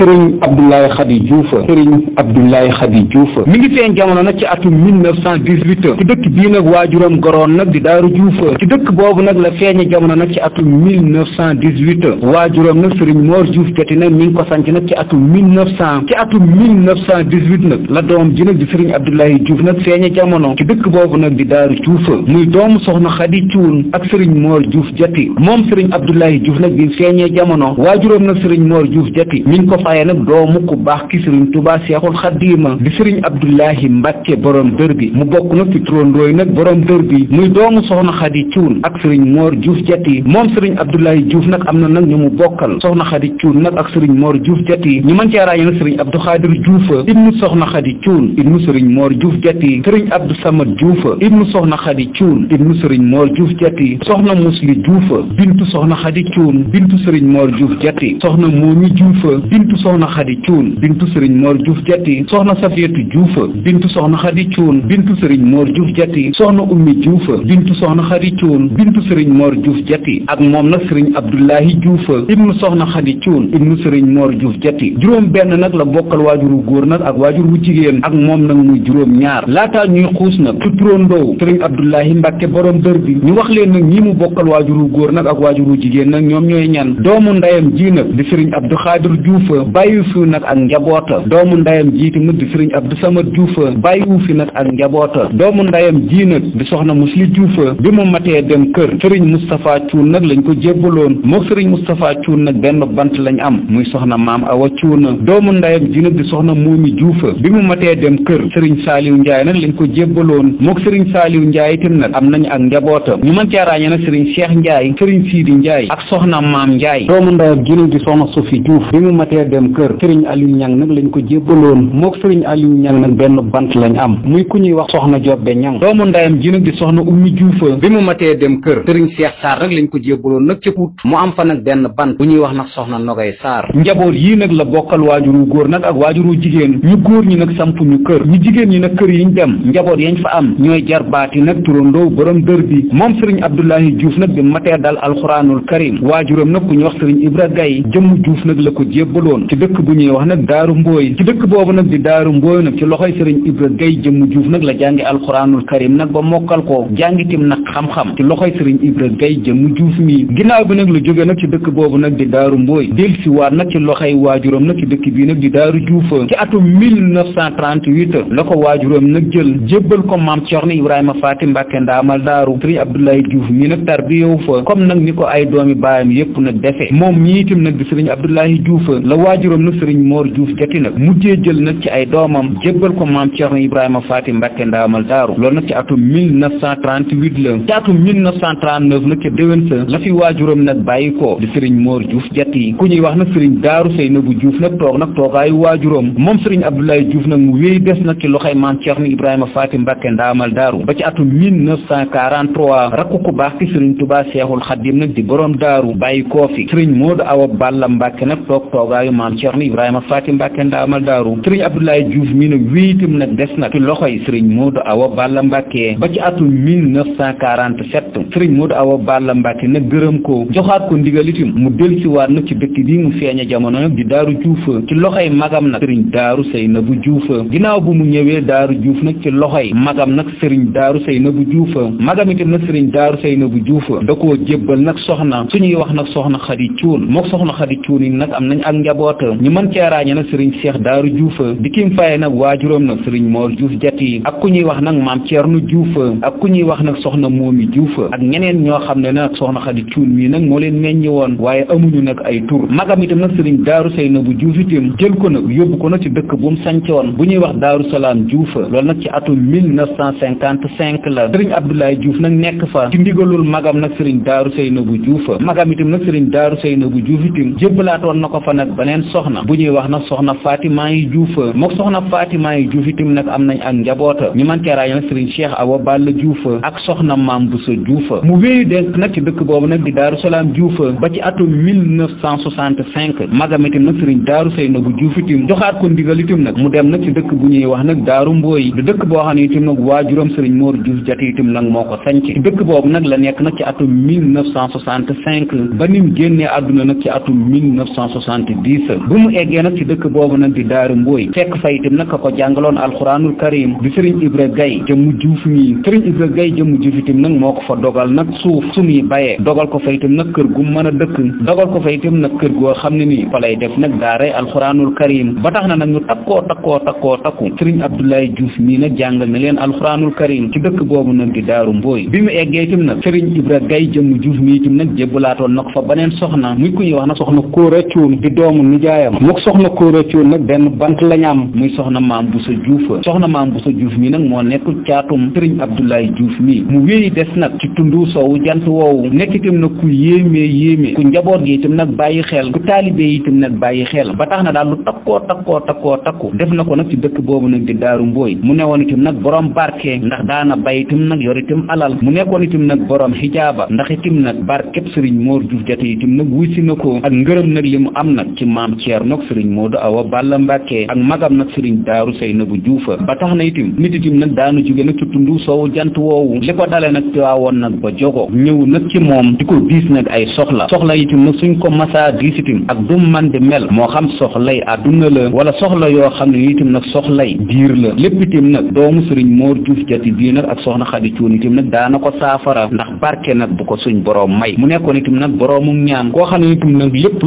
sëriñ Abdoulaye Khady Diouf sëriñ Abdoulaye Khady Diouf mi ngi feeñ jamono nag ci atum 1918 ci dëkk bii nag waajuram goroon nag di Daaru Diouf ci dëkk boobu nag la feeñe jamono nag ci atum 1918 waajuram nag sëriñ Mor Diouf Diaty nag mi ngi ko sanc nag ci atum 1900 ci atum 1918 nag la doom ji nag di sëriñ Abdoulaye Diouf nag feeñe jamono ci dëkk boobu nag di Daaru Diouf muy doomu soxna Khady Thioune ak sëriñ Mor Diouf Diaty moom sëriñ Abdoulaye Diouf nag bi feeñee jamono waajuram nag sëriñ Mor Diouf Diaty mi ngi ko waaye nag doomu ku baax ki sëriñ Tuubaa Seexul Xadiima di sëriñ Abdullahi Mbàkke borom dër bi mu bokk nag ci turandooy nag borom dër bi muy doomu soxna Xadi Cuun ak sëriñ Moor Juuf Jati moom sëriñ Abdullahi Juuf nag am na nag ñu mu bokkal soxna Xadi Cuun nag ak sëriñ Moor Juuf Jati ñu mën cee ràññee nag sëriñ Abdu Xaadir Juufa ibnu soxna Xadi Cuun ibnu sëriñ Moor Juuf Jati sëriñ Abdu Samad Juufa ibnu soxna Xadi Cuun ibnu sëriñ Moor Juuf Jati soxna Musli Juufa bintu soxna Xadi Cuun bintu sëriñ Moor Juuf Jati soxna Moomi Juufa bintu soxna xadi cuun bintu sëriñ moor juuf jatti soxna safiyatu juufa bintu soxna xadi cuun bintu sëriñ moor juuf jatti soxna ummi juufa bintu soxna xadi cuun bintu sëriñ moor juuf jatti ak moom nag sëriñ abdullahi juufa ibnu soxna xadi cuun ibnu sëriñ moor juuf jati juróom benn nag la bokkal waajuru góor nag ak waajur wu jigéen ak moom nag muy juróom ñaar laataa ñuy xuus nag ci turóondoow sëriñ abdullahi mbàkke borom dër bi ñu wax leen nag ñi mu bokkal waajuru góor nag ak waajuru jigéen nag ñoom ñooy ñan doomu ndayam ji nag di sëriñ abdu xaadir juufa bàyyiwu fi nag ak njaboota doomu ndayam jii tamit di sëriñ Abdou Samad Diouf bàyyiwu fi nag ak njaboota doomu ndayam jii nag di soxna Musli Diouf bi mu matee dem kër sëriñ Moustapha Thioune nag lañ ko jébbaloon moo sëriñ Moustapha Thioune nag benn bant lañ am muy soxna maam Awa Thioune doomu ndayam jii nag di soxna Moomi Diouf bi mu matee dem kër sëriñ Saliou Ndiaye nag lañ ko jébbaloon mook sëriñ Saliou Ndiaye itam nag am nañ ak njaboota ñu mën cee ràññee nag sëriñ Cheikh Ndiaye sëriñ Sidi Ndiaye ak soxna maam Ndiaye doomu ndayam jii di soxna Sophie Diouf bi mu matee dem kër sëriñ Aliou Niang nag lañ ko jébbaloon mook sëriñ Aliou Niang nag benn bant lañ am muy ku ñuy wax soxna Jobbe Niang doomu ndayam ji nag di soxna ummi juufa bi mu matee dem kër sëriñ Cheikh Sarr nag lañ ko jébbaloon nag ca Pout mu am fa nag benn bant bu ñuy wax nag soxna Nogay Sarr njaboot yii nag la bokkal waajuru góor nag ak waajuru jigéen ñu góor ñi nag samp ñu kër ñu jigéen ñi nag kër yi ñu dem njaboot yañ fa am ñooy jar baati nag turandoo borom dër bi moom sëriñ Abdoulahi Diouf nag bi matee dal alxuraanul karim waajuram nag ku ñu wax sëriñ Ibra Gay jëmm Diouf nag la ko jébbaloon ci dëkk bu ñuy wax nag daaru mbooy ci dëkk boobu nag di daaru mbooy nag ci loxoy sëriñ ibra gay jëmm juuf nag la jàngi alxuraanul karim nag ba mokkal ko jàngitim nag xam-xam ci loxoy sëriñ ibra gay jëmm juuf mii ginnaaw bi nag la jóge nag ci dëkk boobu nag di daaru mbooy delsi waat nag ci loxoy waajuram nag ci dëkk bii nag di daaru juuf ci atum 1938 la ko waajuram nag jël jébbal ko maam Cerno ibrahima faati mbàkke ndaamal daaru sëriñ abdoulaye juuf mii nag tarbiyewu fa comme nag ni ko ay doomi baayam yépp nag defe moom mii itam nag di sëriñ abdoulaye juuf la waajuram na sëriñ Mor Diouf joti nag mujjee jël nag ci ay doomam jébbal ko maam Thierno Ibrahima Faty Mbacke ndaamal daaru loolu nag ci atum 1938 la ci atum 1939 nag ca déwén sa la fi waajuram nag bàyyi ko di sëriñ Mor Diouf jati ku ñuy wax nag sëriñ Daaru Seynabou Diouf nag toog nag toogaayu waajuram moom sëriñ Abdoulaye Diouf nag mu wéy des nag ci loxoy maam Thierno Ibrahima Faty Mbacke ndaamal daar ba ci atum 1943 rakku ku baax ki sëriñ Touba Seexul Xaddim nag di borom daaru bàyyi koo fi sëriñ Modou Awa Balla Mbacke nag maam Thierno Ibrahima Fatim Mbacke ndaamal daaru sëriñ Abdoulaye Diouf mi nag wéyitam nag des na ci loxoy sëriñ Modou Awa ba ci Awa Balla Mbacke nag gërëm ko joxaat ko ndigal itam mu del siwaat nag ci dëkk bi mu feeñe jamono nag di daaru Diouf ci loxoy magam nag sëriñ daaru Seynabou Diouf ginnaaw bu mu ñëwee daaru Diouf nag ci loxoy magam nag sëriñ daaru Seynabou Diouf magam itam nag sëriñ daaru Seynabou Diouf da koo jébbal nag soxna suñuy wax nag soxna Xadi Cuun mook soxna Xadi Cuun yi nag am njabootam ñu mën cee ràññe nag sëriñ Cheikh Daaru Diouf Bikim Faye nag waajuram nag sëriñ Mor Diouf Jati ak ku ñuy wax nag maam Thierno Diouf ak ku ñuy wax nag soxna Moomi Diouf ak ñeneen ñoo xam ne nag soxna Xadi Cuun mii nag moo leen meññi woon waaye amuñu nag ay tur magam itam nag sëriñ Daaru Saynabu Diouf itam jël ko nag yóbbu ko nag ci dëkk bu mu sancoon bu ñuy wax Daaru Salaam Diouf loolu nag ci atum 1955 la sëriñ Abdoulaye Diouf nag nekk fa ci ndigalul magam nag sëriñ Daaru Saynabu Diouf magam itam nag sëriñ Daaru Saynabu Diouf itam jébbalaatoon na ko fa nag beneen beneen soxna bu ñuy wax nag soxna Fatima yi Diouf mook soxna Fatima yi Diouf itam nag am nañ ak njaboot ñu mën cee ràññee nag Serigne Cheikh Awa Balla Diouf ak soxna Mame Bousso Diouf mu wéeyu denk nag ci dëkk boobu nag di Daaru Salaam Diouf ba ci atum 1965 magam itam nag Serigne Daaru Seynabu Diouf itam joxaat ko ndigal nag mu dem nag ci dëkk bu ñuy wax nag Daaru Mbooy di dëkk boo xam ne itam nag waajuram Serigne Mor Diouf Jati itam nag moo ko sanc dëkk boobu nag la nekk nag ci atum 1965 ba nim génnee àdduna nag ci atum 1970 Idrissa bu mu eggee nag ci dëkk boobu nag di daaru mbooy fekk fa itam nag ko jàngaloon alxuraanul karim di sëriñ Ibra Gaye jëmm juuf mi sëriñ Ibra nag moo ko fa dogal nag suuf su muy bayee dogal ko fa nag kër gu mën a dëkk dogal ko fa itam nag kër goo xam ne nii fa lay def nag daaray alxuraanul karim ba tax na nag ñu takkoo takkoo takkoo takku sëriñ Abdoulaye Diouf mii nag jàngal na leen alxuraanul karim ci dëkk boobu nag di daaru mbooy bi mu eggee itam nag sëriñ Ibra Gaye jëmm juuf mi itam na ko fa soxna muy ku Cuun di doomu nijaayam mook soxna Kóora Coon nag benn bant lañ am muy soxna maam bu sa Juuf soxna maam bu sa Juuf mi nag moo nekk caatum sëriñ Abdoulaye Juuf mi mu wéy des nag ci tundu soowu jant woowu nekk itam nag ku yéemee yéemee ku njaboot gi itam nag bàyyi xel ku taalibe itam nag bàyyi xel ba tax na daal lu takkoo takkoo takkoo takku def na ko nag ci dëkk boobu nag di daaru mbooy mu woon itam nag borom barke ndax daana bay itam nag yor itam alal mu nekkoon itam nag borom xijaaba ndax itam nag barkeb sëriñ Moor Juuf Jate itam nag wuy na ko ak maam Thierno nag Serigne Modou Awa Balla Mbacke ak magam nag Serigne Darou Seynabou Diouf ba tax na itim nit itim nag daanu jóge nag ci tundu soowu jant woowu li ko dale nag tiwaawoon nag ba jogo ñëw nag ci moom di ko diis nag ay soxla soxla itim nag suñ ko masaa diis itim ak du àdduna la wala soxla yoo xam ne itim nag soxlay biir la lépp itim nag doomu Serigne Mor Diouf jati bii nag ak soxna Xadi Cuun itim nag daana ko saafara ndax barke nag bu ko suñ boroom may mu nekkoon itim nag boroomum ñaan koo xam ne itim nag lépp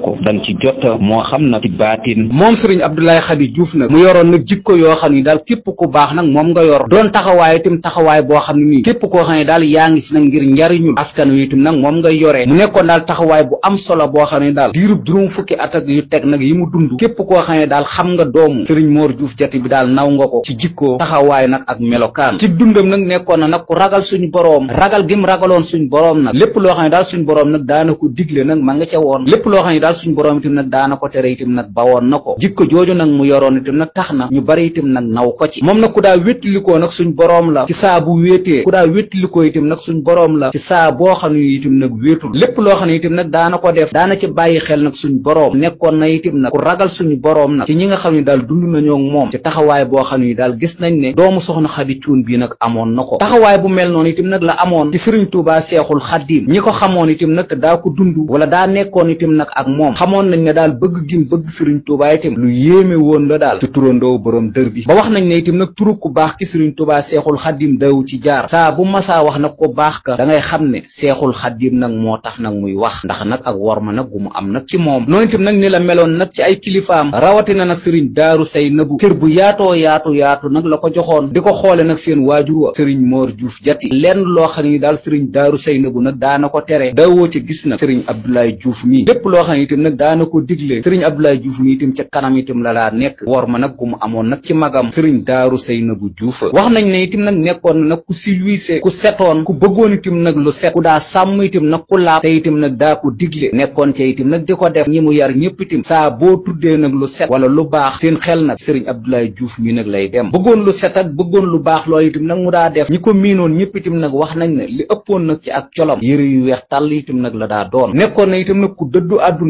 ko danga ci jot moo xam na ci baatin moom sëriñ Abdoulaye Khady Diouf nag mu yoroon nag jikko moom nga yor doon taxawaay itam taxawaay boo xam ne nii képp koo xam ne daal yaa ngi si nag ngir njariñul askan wi itam nag moom nga yoree mu nekkoon daal taxawaay bu am solo boo xam ne daal diirub juróom fukki at yu teg nag yi mu dund képp koo xam ne daal xam nga doomu sëriñ Mor Diouf Diatty bi daal naw nga ko ci jikkoo taxawaay nag ak kaan ci dundam nag nekkoon na nag ku ragal suñu boroom ragal gim ragaloon suñu boroom nag lépp loo xam ne daal suñu boroom nag daana yooyu daal suñu borom itam nag daana ko tere itam nag bawoon na ko jikko jooju nag mu yoroon itam nag tax na ñu bari itam nag naw ko ci moom nag ku daa wéttalikoo nag suñ saa boo xam ne itam nag wéetul lépp loo xam ne itam nag daana ko def daana ci bàyyi xel nag suñ boroom nekkoon na itam nag ku ragal suñu boroom nag ci ñi nga xam ne daal dund nañoo moom ci taxawaay boo xam ne daal gis taxawaay bu mel noonu itam nag la amoon ci sëriñ tuubaa seexul xaddiim ñi ko xamoon itam nag te moom xamoon nañ ne daal bëgg gim bëgg Serigne Touba itam lu yéeme woon la daal ci turandoo borom dër bi ba wax nañ ne itam nag turu ku baax ki Serigne Touba Seexul Xaddim daw ci jaar saa bu masaa wax nag ko baax ka da ngay xam ne Seexul Xaddim nag moo tax nag muy wax ndax nag ak worma nag gu mu am nag ci moom noonu itam nag ni la meloon nag ci ay kilifaam rawatina nag Serigne Daaru Saynabu cër bu yaatoo yaatu yaatu nag la ko joxoon di ko xoole nag seen waajur wa Serigne Mor Diouf Jati loo xam ne daal Serigne Daaru Saynabu nag daana ko tere dawoo ci gis nag Serigne Abdoulaye Diouf Tidiane itam nag daana ko digle sëriñ Abdoulaye Diouf mi itam ca kanam itam la laa nekk wor ma nag ku mu amoon nag ci magam sëriñ Daaru Seynabou Diouf wax nañ ne itam nag nekkoon nag ku silwiise ku setoon ku bëggoon itam nag lu set ku daa sàmm itam nag ku laab te itam nag daa ko digle nekkoon ca itam nag di ko def ñi mu yar ñëpp itam saa boo tuddee nag lu set wala lu baax seen xel nag sëriñ Abdoulaye juuf mi nag lay dem bëggoon lu set ak bëggoon lu baax loolu itam nag mu daa def ñi ko miinoon ñëpp itam nag wax nañ li ëppoon nag ci ak colom yëre yu weex tàll itam nag la daa doon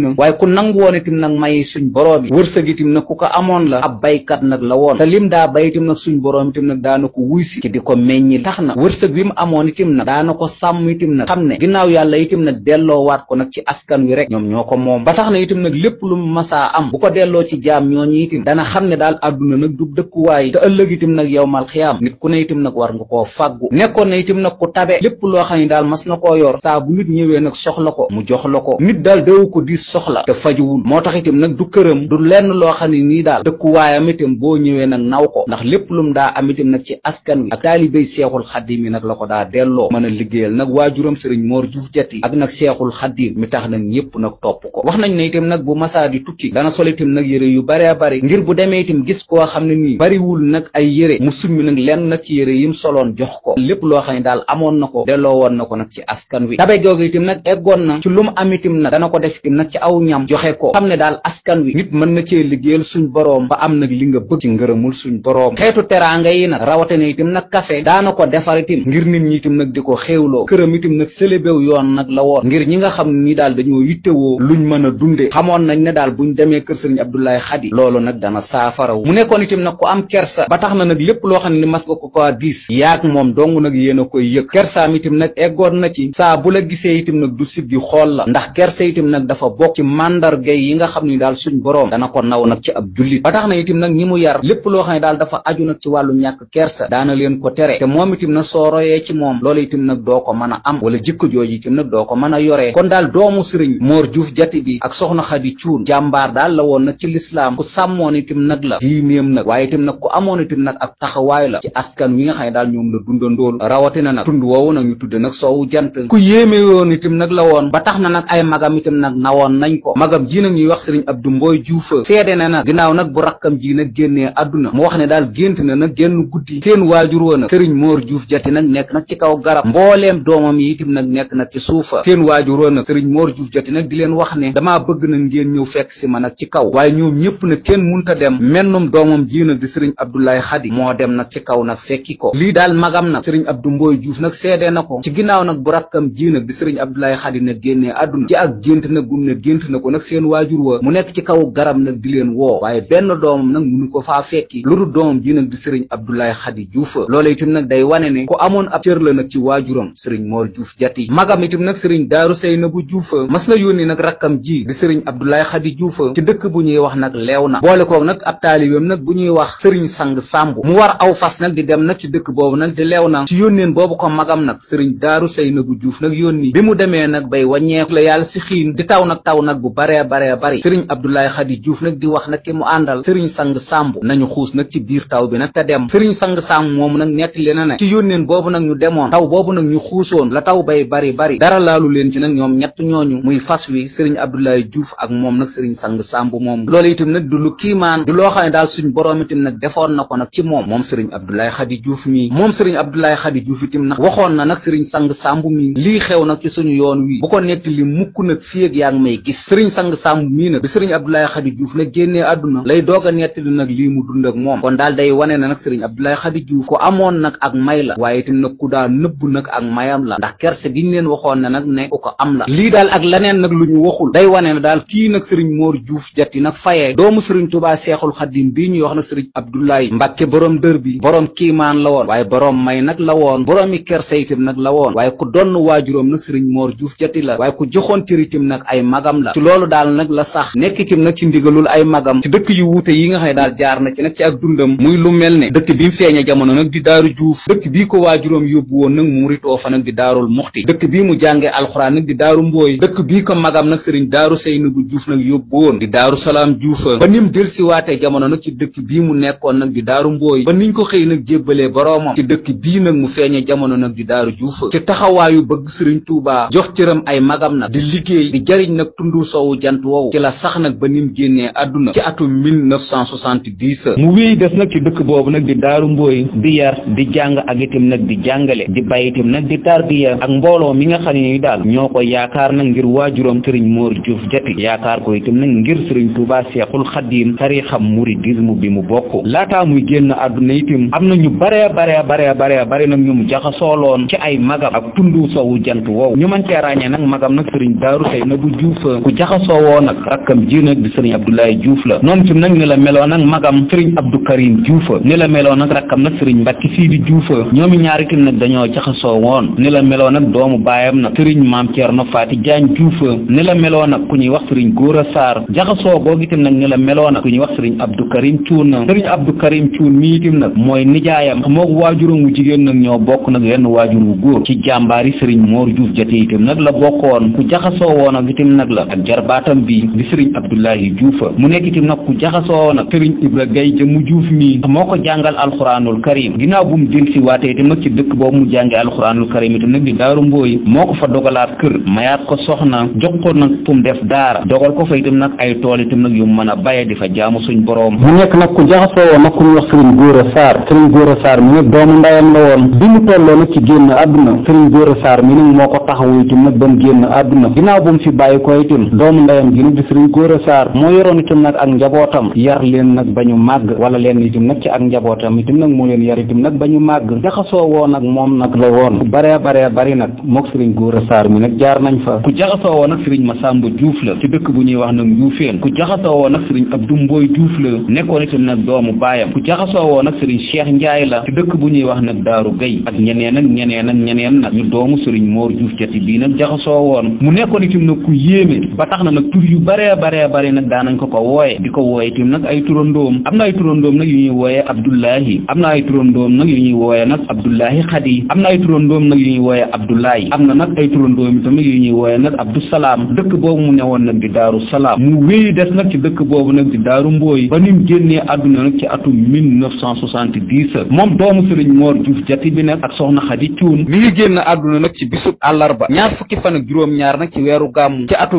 na waaye ku nangu woon itam nag may suñ boroom yi wërsëg itam nag ku ko amoon la ab baykat nag la woon te lim daa bay itam nag suñ boroom itam nag daana ko wuy si ci di ko meññi tax na wërsëg bi mu amoon itam nag daana ko sàmm itam nag xam ne ginnaaw yàlla itam nag waat ko nag ci askan wi rek ñoom ñoo ko moom ba tax na itam nag lépp lu masa am bu ko delloo ci jaam ñooñu itam dana xam ne daal àdduna nag du dëkkuwaay te ëllëg itam nag yowmal xiyaam nit ku ne itam nag war nga koo fàggu nekkoon na itam nag ku tabe lépp loo xam ne daal mas na koo yor saa bu nit ñëwee nag soxla ko mu jox la ko soxla te fajuwul moo tax itam nag du këram du lenn loo xam ne nii daal dëkkuwaayam itam boo ñëwee nag naw ko ndax lépp lum daa am itam nag ci askan wi ak taalibéy seexul xaddim nag la ko daa delloo mën a liggéeyal nag waajuram sëriñ Mor Juuf Jati ak nag seexul xaddim mi tax nag ñëpp nag topp ko wax nañ ne itam nag bu masaa di tukki dana sol itam yére yu bare bari ngir bu demee itam gis koo xam ne nii wul nag ay yére mu summi nag lenn nag ci yére yim soloon jox ko lépp loo xam ne daal amoon na ko delloo woon na ko nag ci askan wi tabe googu itam nag eggoon na ci lum am itam nag dana ko def itam nag ci aw ñam joxe ko xam ne daal askan wi nit mën na cee liggéeyal suñ boroom ba am nag li nga bëgg ci ngërëmul suñ boroom xeetu teraanga yi nag rawatina itam nag kafe daana ko defar itam ngir nit ñi itam nag di ko xéewloo këram itam nag sëlébéw yoon nag la woon ngir ñi nga xam ne ni daal dañoo yittewoo luñ mën a dunde xamoon nañ ne daal buñ demee kër sëriñ Abdoulaye Khady loolu nag dana saafarawu mu nekkoon itam nag ko am kersa ba tax na nag lépp loo xam ne ni mas nga ko ko diis yaag moom dong nag yéen a koy yëg kersaam itam nag eggoon na ci saa bu la gisee itam nag du siggi xool ndax kersa itam nag dafa bokk bokk ci màndarga yi nga xam ne daal suñ boroom dana ko naw nag ci ab jullit ba tax na itim nag ñi mu yar lépp loo xam ne daal dafa aju nag ci wàllu ñàkk kersa daana leen ko tere te moom itim na soo royee ci moom itim nag doo ko a am wala jikko jooju itim nag doo ko mën a yoree kon daal doomu sëriñ Mor Diouf jati ak soxna Xadi Cuun jàmbaar daal la woon nag ci lislaam ku sàmmoon itim nag la diineem nag waaye itim nag ku amoon itim nag ab taxawaay la ci askan wi nga xam ne daal ñoom la dundandool rawatina nag tund woowu nañ ko magam ji nag wax sëriñ Abdou Mboy Juufa seede na nag ginaaw nag bu rakkam ji nag génnee àdduna mu wax ne daal gént na nag génn guddi seen waajur wa nag sëriñ Moor Juuf Jati nag nekk nag ci kaw garab mbooleem doomam yi nag nekk nag ci suufa seen waajur wa nag sëriñ Moor Juuf nag di leen wax ne damaa bëgg na ngeen ñëw fekk si ma nag ci kaw waaye ñoom ñëpp nag kenn munta dem mennum doomam ji nag di sëriñ Abdoulaye Xadi moo dem nag ci kaw nag fekki ko lii daal magam nag sëriñ Abdou Mboy Juuf nag seede na ko ci ginnaaw nag bu rakkam ji nag di sëriñ Abdoulaye Xadi na génnee àdduna ci ak gént nag gum gént na ko nag seen waajur wa mu nekk ci kaw garab nag di leen woo waaye benn doomam nag munu ko faa fekki lu dul doomam ji nag di sëriñ Abdoulaye Khady Diouf loola itam nag day wane ne ku amoon ab cër la nag ci waajuram sëriñ Mor Diouf jati magam itam nag sëriñ Daaru Seynabu Diouf mas na yónni nag rakkam ji di sëriñ Abdoulaye Khady Diouf ci dëkk bu ñuy wax nag leew na boole koog nag ab taalibeem nag bu ñuy wax sëriñ sang sàmb mu war aw fas nag di dem nag ci dëkk boobu nag di leew na ci yónneen boobu ko magam nag sëriñ Daaru Seynabu Diouf nag yónni bi mu demee nag bay wàññeeku la yàlla si taw nag bu baree baree bari sëriñ Abdoulaye Khady Diouf nag di wax nag ki mu àndal sëriñ sang sàmb nañu xuus nag ci biir taw bi nag te dem sëriñ na ne ci yónneen boobu nag ñu demoon taw la taw bay bari bari dara laalu leen ci nag ñoom ñett ñooñu muy fas wi sëriñ Abdoulaye Diouf moom nag sëriñ sang sàmb moom loo xam ne daal suñ boroom itam moom moom sëriñ Abdoulaye moom sëriñ Abdoulaye Khady Diouf itam na nag sëriñ sang sàmb mi lii xew nag ci suñu yoon wi bu ko nettali mukk nag fii ak yaa may koy gis sëriñ sang sàmb mii nag bi sëriñ Abdoulaye Khady Diouf nag génnee àdduna lay doog a nettali nag lii mu moom kon daal day wane na nag sëriñ Abdoulaye Khady Diouf ku amoon nag ak may la waaye itam nag ku daa nëbb nag ak mayam la ndax kerse giñ leen waxoon ne nag ne ku ko am la lii daal ak laneen nag lu ñu waxul day wane ne daal kii nag sëriñ Mor Diouf jatti nag fayee doomu sëriñ Touba Seexul Xadim bii ñuy wax nag sëriñ Abdoulaye Mbàkke boroom dër bi boroom la woon waaye boroom may la woon boroomi kerse itam nag la woon waaye ku donn waajuróom nag sëriñ Mor Diouf magam la ci loolu daal nag la sax nekk ci nag ci ndigalul ay magam ci dëkk yu wuute yi nga xam ne daal jaar na ci nag ci ak dundam muy lu mel ne dëkk bi mu jamono nag di daaru juuf dëkk bii ko waajuróom yóbbu woon nag mu ritoo fa di daarul muxti dëkk bii mu jànge alxuraan nag di daaru mbooy dëkk bii ko magam nag sëriñ daaru saynabu juuf nag yóbbu woon di daaru salaam juufa ba nim delsiwaatee jamono nag ci dëkk bii mu nekkoon nag di daaru mbooy ba niñ ko xëy nag jébbalee boroomam ci dëkk bii nag mu feeñe jamono nag di daaru juufa ci taxawaayu bëgg sëriñ tuubaa jox cëram ay magam nag di liggéey di tundu sowu jant woowu ci la sax nag ba nim génnee àdduna ci atum 1970 mu wéy des ci dëkk boobu nag di daaru mbooy di yar di jàng ak itam nag di jàngale di bàyyi itam nag di tarbiya ak mbooloo mi nga xam ne ni daal ñoo ko yaakaar nag ngir waajuram sëriñ Mor Diouf Diatty yaakaar ko itam nag ngir sëriñ Touba Seexul Xadiim tarixam muridisme bi mu bokk laataa muy génn àdduna itam am na ñu bare bare bare bare bare nag ñu mu jaxasooloon ci ay magam ak tundu sowu jant woowu ñu mën ràññee nag magam nag sëriñ daaru Seynabou Diouf ku jaxasoo woo nag rakkam ji nag di sëriñ Abdoulaye Diouf la moom fi mu nag ni la meloon nag magam sëriñ Abdou Karim Diouf ni la meloon nag rakkam nag sëriñ Mbacke Sidi Diouf ñoom ñaari tim nag dañoo jaxasoo woon ni la meloon nag doomu baayam nag sëriñ Maam Thierno Faty Diagne Diouf ni la meloon nag ku ñuy wax sëriñ a Sarr jaxasoo googu itam nag ni la meloon nag ku ñuy wax sëriñ Abdou Karim Thioune sëriñ Abdou Karim Thioune mii itam nag mooy nijaayam moog waajuram wu jigéen nag ñoo bokk nag yenn waajur wu góor ci jàmbaari sëriñ Mor Diouf Diaté itam nag la bokkoon la ak jarbaatam bi di sëriñ Abdoulaye Diouf mu nekk itam nag ku jaxasoo nag sëriñ Ibra Gaye jëmu Diouf mi moo ko jàngal alxuraanul karim ginnaaw bu mu del si waatee itam nag ci dëkk boobu mu jàngee alxuraanul karim itam nag di daaru mbooy moo ko fa dogalaat kër mayaat ko soxna jox ko nag fu mu def daara dogal ko fa itam nag ay tool itam nag yu mën a baye di fa jaamu suñ boroom mu nekk nag ku jaxasoo woon nag ku ñu wax sëriñ Gora Sarr sëriñ Gora Sarr mi nag doomu ndayam la woon bi mu tolloo nag ci génn àdduna sëriñ Gora Sarr mi nag moo ko taxawu itam nag ba mu génn àdduna ginnaaw bu mu fi bàyyi ko itam doomu ndeyam ji nag di sëriñ Gora Sarr moo yoroon itam nag ak njabootam yar leen nag ba ñu màgg wala leen itam nag ci ak njabootam itam nag moo leen yar itam nag ba ñu màgg jaxasoo woon ak moom nag la woon baree baree bari nag mook sëriñ Gora Sarr mi nag jaar nañ fa ku jaxasoo woon ak sëriñ Masamba Diouf la ci dëkk bu ñuy wax nag Ndioufène ku jaxasoo woon ak sëriñ Abdou Mboy Diouf la nekkoon itam nag doomu baayam ku jaxasoo woon ak sëriñ Cheikh Ndiaye la ci dëkk bu ñuy wax nag Daaru Gay ak ñeneen ak ñeneen ak ñeneen nag ñu doomu sëriñ moo Diouf jati bii nag leen ba tax na nag tur yu baree baree bare nag daanañ ko ko wooye di ko wooye tim nag ay turandoom am na ay turandoom nag yu ñuy wooye abdullahi am na ay turandoom nag yu ñuy wooye nag abdullahi am na ay turandoom nag yu ñuy wooye abdullahi am na nag ay turandoom yi yu ñuy wooye nag abdusalaam dëkk boobu mu newoon nag di daaru salaam mu wéy des nag ci dëkk boobu nag di daaru mbooy ba nim génnee àdduna nag ci atum mille neuf cent soixante-dix moom doomu sëriñ moor juuf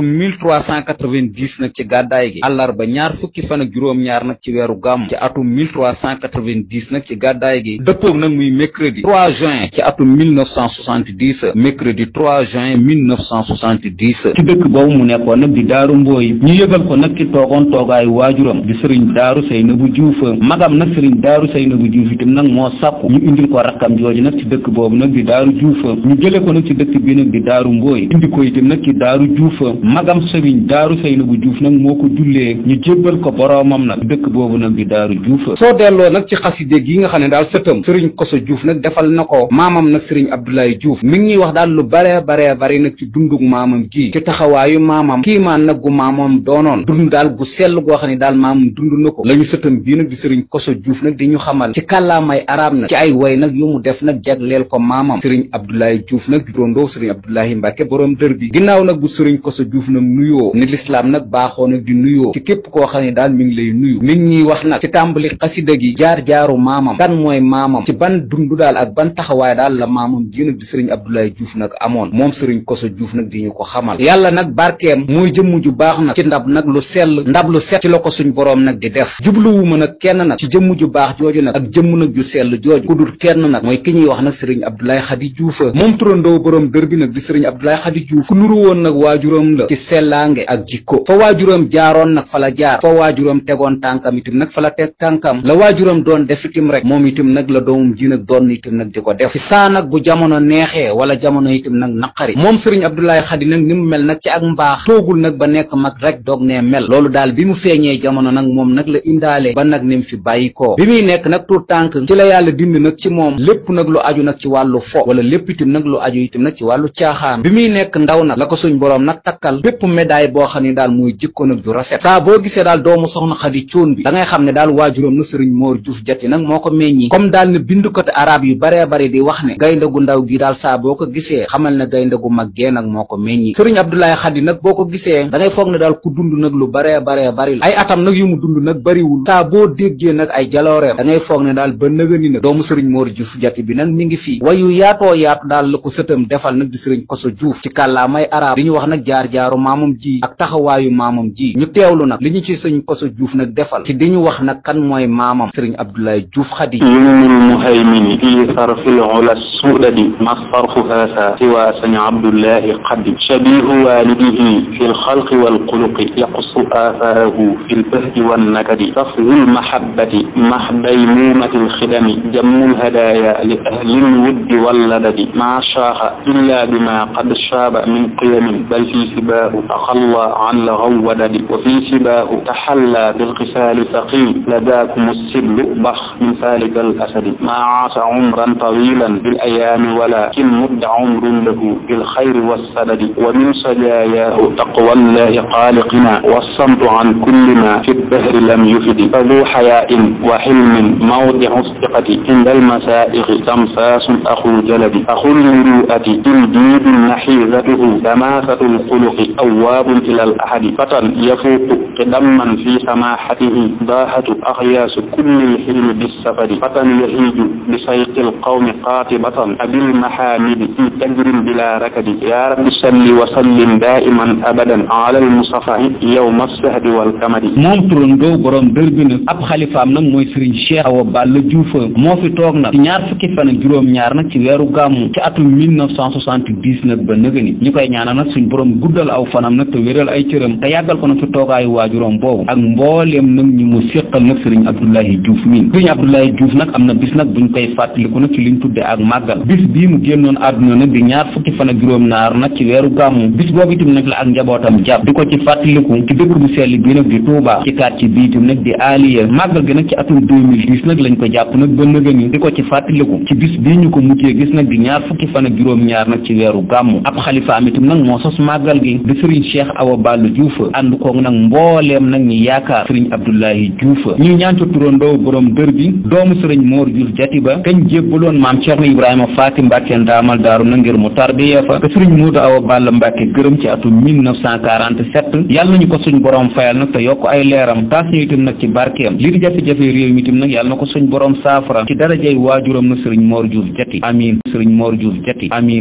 atum 1390 nag ci gàddaay gi àllarba ñaar fukki fan ak juróom-ñaar nag ci weeru gàmm ci atum 1390 nag ci gàddaay gi dëppoog nag muy mercredi 3 juin ci atum 1970 mercredi 3 juin 1970 ci dëkk boobu mu nekkoon nag di daaru mbooy ñu yëgal ko nag ki toogoon toogaayu waajuram di sëriñ daaru bu Juuf magam nag sëriñ daaru Saynabu Juuf itam nag moo sàkku ñu indil ko rakkam jooju nag dëkk boobu nag di daaru Juuf ñu jële ko nag ci dëkk bi nag di daaru mbooy indi ko itam nag ci daaru Juuf magam sëriñ daaru Seynabou juuf nag moo ko jullee ñu jébbal ko boroomam nag dëkk boobu nag di daaru Diouf soo delloo nag ci xaside gi nga xam ne daal sëtam sëriñ Koso Diouf nag defal na ko maamam nag sëriñ Abdoulaye Diouf mi ngi ñuy wax daal lu bare bare nag ci dundug maamam gi ci taxawaayu maamam kiimaan nag gu maamam doonoon dund daal gu sell goo xam ne daal maamam dund na ko la ñu sëtam bii nag di sëriñ Koso juuf nag di ñu xamal ci kàllaamay arab nag ci ay way nag yu mu def nag leel ko maamam sëriñ Abdoulaye Diouf nag di dondoo sëriñ Abdoulaye Mbacke boroom dër bi ginnaaw nag bu sëriñ Koso Diouf Diouf nag nuyoo ni lislaam nag baaxoo nag di nuyoo ci képp koo xam ne daal mi ngi lay nuyu mi ngi ñuy wax nag ci tàmbali xasida gi jaar-jaaru maamam kan mooy maamam ci ban dund daal ak ban taxawaay daal la maamam ji nag di sëriñ Abdoulaye Diouf nag amoon moom sëriñ Koso juuf nag di ñu ko xamal yàlla nag barkeem mooy jëmm ju baax nag ci ndab nag lu sell ndab lu set ci la ko suñ boroom nag di def jubluwuma nag kenn nag ci jëmm ju baax jooju nag ak jëmm nag ju sell jooju ku dul kenn nag mooy ki ñuy wax nag sëriñ Abdoulaye Khady Diouf moom ci sellaange ak jikko fa waajuram jaaroon nag fa la jaar fa waajuram tegoon tànkam itam nag fa la teg tànkam la waajuram doon def itam rek moom itam nag la doomum ji nag doon itam nag di ko def ci saa nag bu jamono neexee wala jamono itam nag naqari moom sëriñ Abdoulaye Khady nag ni mu mel nag ci ak mbaax toogul nag ba nekk mag rek doog nee mel loolu daal bi mu feeñee jamono nag moom nag la indaale ba nag ni fi bàyyi ko bi muy nekk nag tuut tànk ci la yàlla dind nag ci moom lépp nag lu aju nag ci wàllu fo wala lépp itam nag lu aju itam ci wàllu caaxaan bépp médaille boo xam ne daal mooy jikkoon ak ju rafet saa boo gisee daal doomu soxna Xadi Cuun bi da xam ne daal waajuróom na sëriñ Moor Juuf Jati nag moo ko meññi comme daal ne bindukati arab yu baree bari di wax ne gaynde gu ndaw gi daal saa boo ko gisee xamal ne gaynde gu mag gee nag moo ko meññi sëriñ Abdoulaye Xadi nag boo ko gisee da ngay ne daal ku dund nag lu baree baree bari la ay atam nag yu mu dund nag bariwul saa boo déggee nag ay jalooreem da ngay foog ne daal ba nëgëni nag doomu sëriñ Moor Juuf Jati bi nag mi ngi fii wayu yaatoo yaatu daal la ko sëtam defal nag di sëriñ Koso Juuf ci kàllaamay arab di ñu wax nag jaar jaar jaaru maamam jii ak taxawaayu maamam jii ñu teewlu nag li ñu ci sëñ Koso Diouf nag defal ci di ñu wax nag kan mooy maamam sëriñ Abdoulaye Diouf Khady السؤدد ما الصرف هذا سوى سن عبد الله قد شبيه والده في الخلق والقلق يقص آثاره في البهج والنكد تصل المحبة مح بيمومة الخدم جم الهدايا لأهل الود واللدد ما شاء إلا بما قد شاب من قيم بل في سباه تخلى عن لغو ودد وفي سباه تحلى بالقسال ثقيل لداكم السبل بخ من ذلك الأسد ما عاش عمرا طويلا بالأيام الأيام ولكن مد عمر له بالخير والسدد ومن سجاياه تقوى الله قالقنا والصمت عن كل ما في الدهر لم يفد فذو حياء وحلم موضع الثقة عند المسائق تمساس أخو جلد أخو المروءة الجيد نحيزته دماثة الخلق أواب إلى الأحد فتى يفوق قدما في سماحته ضاحة أخياس كل الحلم بالسفر فتى يهيج بسيق القوم قاطبة وصل أبي المحامد في تجر بلا ركد يا رب صل وسلم دائما أبدا على المصطفى يوم السهد والكمد moom turandoo borom dër bi nag ab xalifaam nag mooy Serigne Cheikh Awa Balla Diouf moo fi toog nag ci ñaar fukki fan juróom-ñaar nag ci weeru gàmmu ci atum 1970 nag ba nëga ni ñu koy ñaanal nag suñ borom guddal aw fanam nag te wéral ay cëram te yàggal ko nag fi toogaayu waajuroom boobu ak mbooleem nag ñu mu séqal nag Serigne Abdoulaye Diouf miin Serigne na bis nag buñ koy fàttaliku nag ci màggal bis bii mu génnoon àdduna nag di ñaar fukki fan ak juróom ñaar nag ci weeru gàmmu bis boobu itam nag la ak njabootam jàpp di ko ci fàttaliku ci dëkk bu sell bi nag di Touba ci quartier bi itam nag di Aliya màggal gi nag ci atum 2010 nag lañ ko jàpp nag ba nëgëni di ko ci fàttaliku ci bis bii ñu ko mujjee gis nag di ñaar fukki fan juróom ñaar nag ci weeru gàmmu ab xalifaam itam nag moo sos màggal gi di sëriñ Cheikh Awa Balla Diouf ànd koog soxna Faati Mbàkke ndaamal daaru na ngir mu tarbiya fa te sëriñ Muudu Awa Balla Mbàkke gërëm ci atum 1947 yàlla nañu ko suñ borom fayal nag te yokk ay leeram taas ñu itam nag ci barkeem li di jafe-jafe réew mi nag yàlla na ko suñ borom saafara ci darajay waajuram na sëriñ Mor Diouf Jati amiin sëriñ Mor Diouf Jati amiin